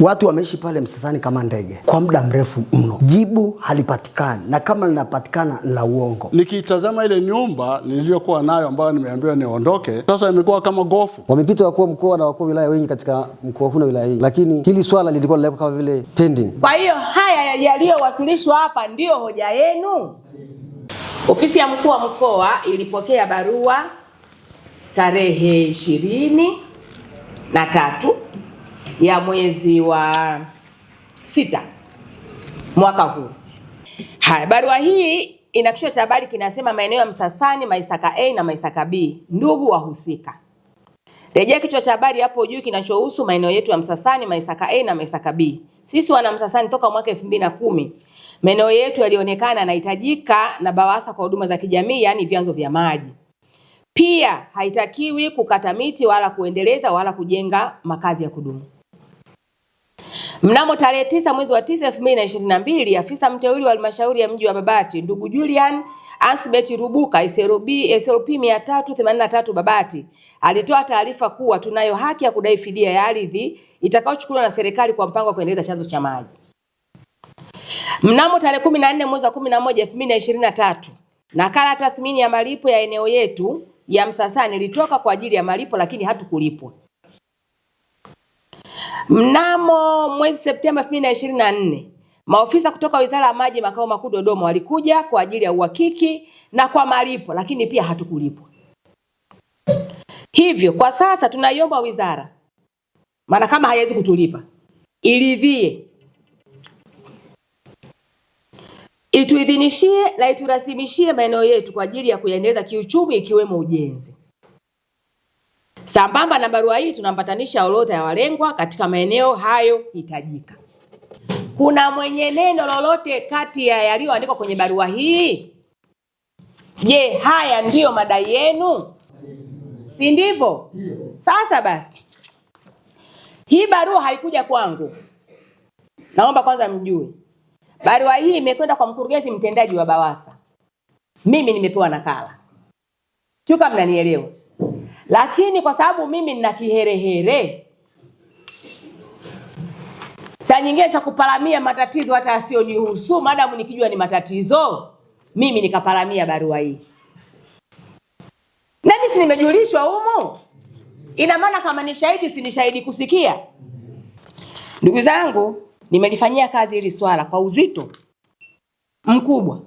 Watu wameishi pale Msasani kama ndege kwa muda mrefu mno, jibu halipatikani, na kama linapatikana la uongo. Nikiitazama ile nyumba niliyokuwa nayo ambayo nimeambiwa niondoke, sasa imekuwa kama gofu. Wamepita wakuu wa mkoa na wakuu wa wilaya wengi katika mkoa huu na wilaya hii, lakini hili swala lilikuwa linawekwa kama vile pending. Kwa hiyo haya yaliyowasilishwa hapa ndiyo hoja yenu? Ofisi ya mkuu wa mkoa ilipokea barua tarehe ishirini na tatu ya mwezi wa sita mwaka huu. Haya, barua hii ina kichwa cha habari kinasema maeneo ya Msasani, Maisaka A na Maisaka B, ndugu wahusika. Rejea kichwa cha habari hapo juu kinachohusu maeneo yetu ya Msasani, Maisaka A na Maisaka B. Sisi wana Msasani toka mwaka 2010 maeneo yetu yalionekana yanahitajika na BAWASA kwa huduma za kijamii, yaani vyanzo vya maji. Pia haitakiwi kukata miti wala kuendeleza wala kujenga makazi ya kudumu. Mnamo tarehe tisa mwezi wa tisa elfu mbili na ishirini na mbili afisa mteuli wa halmashauri ya mji wa Babati ndugu Julian Asbet Rubuka SLP 383 Babati alitoa taarifa kuwa tunayo haki ya kudai fidia ya ardhi itakayochukuliwa na serikali kwa mpango wa kuendeleza chanzo cha maji. Mnamo tarehe 14 mwezi wa 11 2023 nakala tathmini ya malipo ya eneo yetu ya Msasani ilitoka kwa ajili ya malipo, lakini hatukulipwa. Mnamo mwezi Septemba 2024 maofisa kutoka Wizara ya Maji makao makuu Dodoma walikuja kwa ajili ya uhakiki na kwa malipo, lakini pia hatukulipwa. Hivyo kwa sasa tunaiomba wizara, maana kama haiwezi kutulipa, iridhie, ituidhinishie na iturasimishie maeneo yetu kwa ajili ya kuyaendeleza kiuchumi, ikiwemo ujenzi. Sambamba na barua hii tunampatanisha orodha ya walengwa katika maeneo hayo hitajika. Kuna mwenye neno lolote kati ya yaliyoandikwa kwenye barua hii? Je, haya ndiyo madai yenu, si ndivyo? Sasa basi, hii barua haikuja kwangu, naomba kwanza mjue barua hii imekwenda kwa mkurugenzi mtendaji wa BAWASA. Mimi nimepewa nakala, sio kama mnanielewa lakini kwa sababu mimi nina kiherehere, saa nyingine za kuparamia matatizo hata asiyonihusu, madamu nikijua ni matatizo, mimi nikaparamia barua hii, na mimi si nimejulishwa humu, ina maana kama ni shahidi, si ni shahidi kusikia? Ndugu zangu, nimelifanyia kazi hili swala kwa uzito mkubwa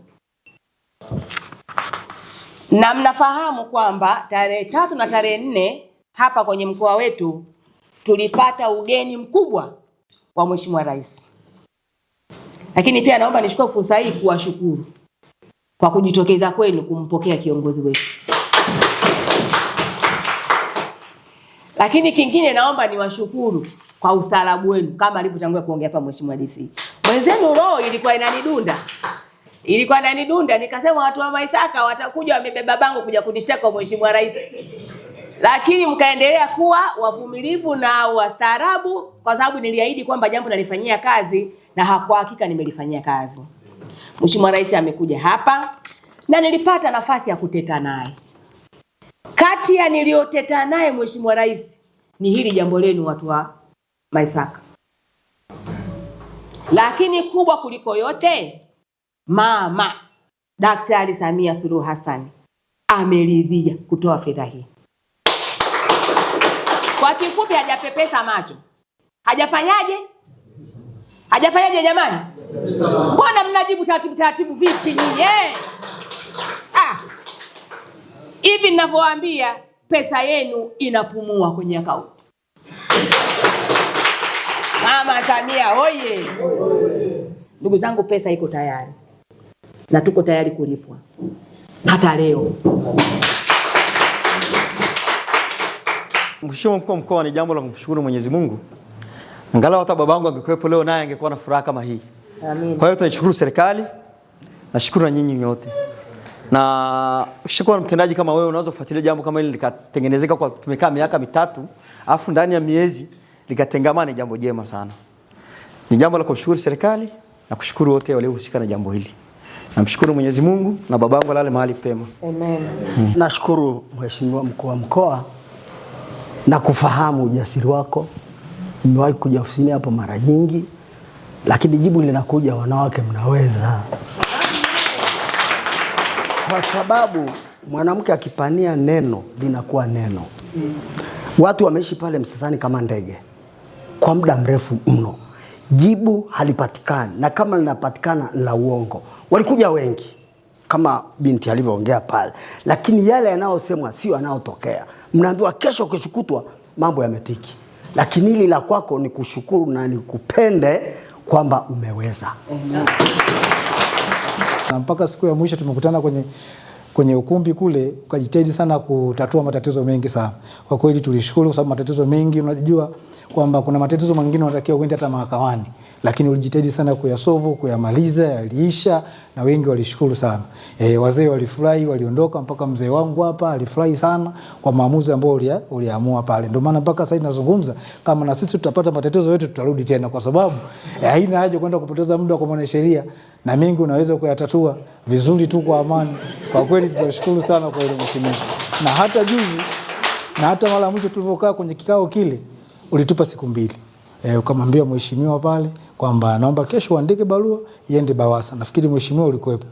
na mnafahamu kwamba tarehe tatu na tarehe nne hapa kwenye mkoa wetu tulipata ugeni mkubwa wa Mheshimiwa Rais. Lakini pia naomba nichukue fursa hii kuwashukuru kwa kujitokeza kwenu kumpokea kiongozi wetu. Lakini kingine naomba niwashukuru kwa usalabu wenu kama alivyotangulia kuongea hapa Mheshimiwa DC. Mwenzenu roho ilikuwa inanidunda ilikuwa nani dunda, nikasema watu wa Maisaka watakuja wamebeba bango kuja kwa mheshimiwa rais, lakini mkaendelea kuwa wavumilivu na wastaarabu, kwa sababu niliahidi kwamba jambo nalifanyia kazi na kwa hakika nimelifanyia kazi. Mheshimiwa rais amekuja hapa na nilipata nafasi ya kuteta naye. Kati ya niliyoteta naye mheshimiwa rais ni hili jambo lenu, watu wa Maisaka, lakini kubwa kuliko yote Mama Daktari Samia Suluhu Hassan ameridhia kutoa fedha hii. Kwa kifupi, hajapepesa macho. Hajafanyaje? Hajafanyaje jamani? Mbona mnajibu taratibu taratibu vipi nyinyi? Eh. Ah. Hivi ninavyowaambia pesa yenu inapumua kwenye akaunti. Mama Samia oye! Ndugu zangu, pesa iko tayari na tuko tayari kulipwa hata leo. Mheshimiwa Mkuu wa Mkoa, ni jambo la kumshukuru Mwenyezi Mungu, angalau hata babangu angekuwepo leo naye angekuwa na furaha kama hii. Amin. Kwa hiyo tunashukuru serikali, nashukuru na nyinyi nyote na shukuru mtendaji kama wewe unaweza kufuatilia jambo kama hili likatengenezeka kwa tumekaa miaka mitatu, afu ndani ya miezi likatengamana, jambo jema sana. Ni jambo la kumshukuru serikali na kushukuru wote waliohusika na jambo hili. Namshukuru Mwenyezi Mungu na babangu alale mahali pema. Amen. Hmm. Nashukuru Mheshimiwa mkuu wa mkoa na kufahamu ujasiri wako. Nimewahi kuja ofisini hapo mara nyingi, lakini jibu linakuja, wanawake mnaweza, kwa sababu mwanamke akipania neno linakuwa neno. Hmm. Watu wameishi pale Msasani kama ndege kwa muda mrefu mno jibu halipatikani, na kama linapatikana la uongo. Walikuja wengi kama binti alivyoongea pale, lakini yale yanayosemwa sio yanayotokea. Mnaambiwa kesho, kishukutwa mambo yametiki, lakini hili la kwako ni kushukuru na nikupende kwamba umeweza. Na mpaka siku ya mwisho tumekutana kwenye kwenye ukumbi kule, ukajitahidi sana kutatua matatizo mengi sana. Kwa kweli tulishukuru, sababu matatizo mengi, unajua kwamba kuna matatizo mengine unatakiwa uende hata mahakamani, lakini ulijitahidi sana kuyasovu, kuyamaliza, yaliisha na wengi walishukuru sana. E, wazee walifurahi, waliondoka mpaka mzee wangu hapa alifurahi sana kwa maamuzi ambayo ulia, uliamua pale. Ndio maana mpaka sasa nazungumza kama na sisi tutapata matatizo yetu tutarudi tena, kwa sababu e, haina e, haja kwenda kupoteza muda kwa mwanasheria, na mengi unaweza kuyatatua vizuri tu kwa amani, kwa kweli kweli tunashukuru sana kwa hilo mheshimiwa, na hata juzi na hata mara ya mwisho tulivyokaa kwenye kikao kile ulitupa siku mbili e, ukamwambia mheshimiwa pale kwamba naomba kesho uandike barua iende BAWASA. Nafikiri mheshimiwa ulikuwepo.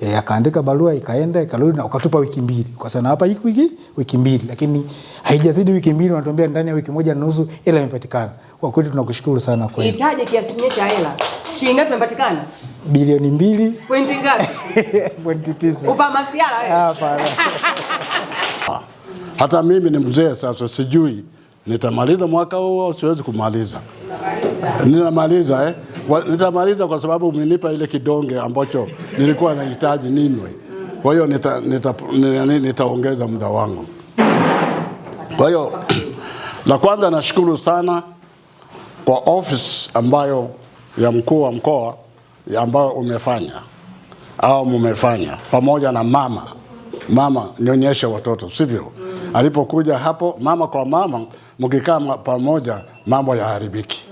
E, akaandika barua ikaenda ikarudi na ukatupa wiki mbili. Kwa sababu hapa hiki wiki wiki mbili, lakini haijazidi wiki mbili, wanatuambia ndani ya wiki moja na nusu hela imepatikana. Kwa kweli tunakushukuru sana kwa hiyo, Itaje kiasi cha hela? Shilingi ngapi imepatikana? Bilioni mbili. Pointi ngapi? Pointi tisa. Ufamasiala wewe? Ah, hapana. Hata mimi ni mzee sasa, sijui nitamaliza mwaka huu au siwezi kumaliza. Ninamaliza eh? Nitamaliza kwa sababu umenipa ile kidonge ambacho nilikuwa nahitaji ninywe. Kwa hiyo nitaongeza nita, nita muda wangu. Kwa hiyo la kwanza nashukuru sana kwa office ambayo ya mkuu wa mkoa ambayo umefanya au mumefanya pamoja na mama mama, nionyeshe watoto, sivyo? Alipokuja hapo mama kwa mama, mkikaa pamoja mambo yaharibiki.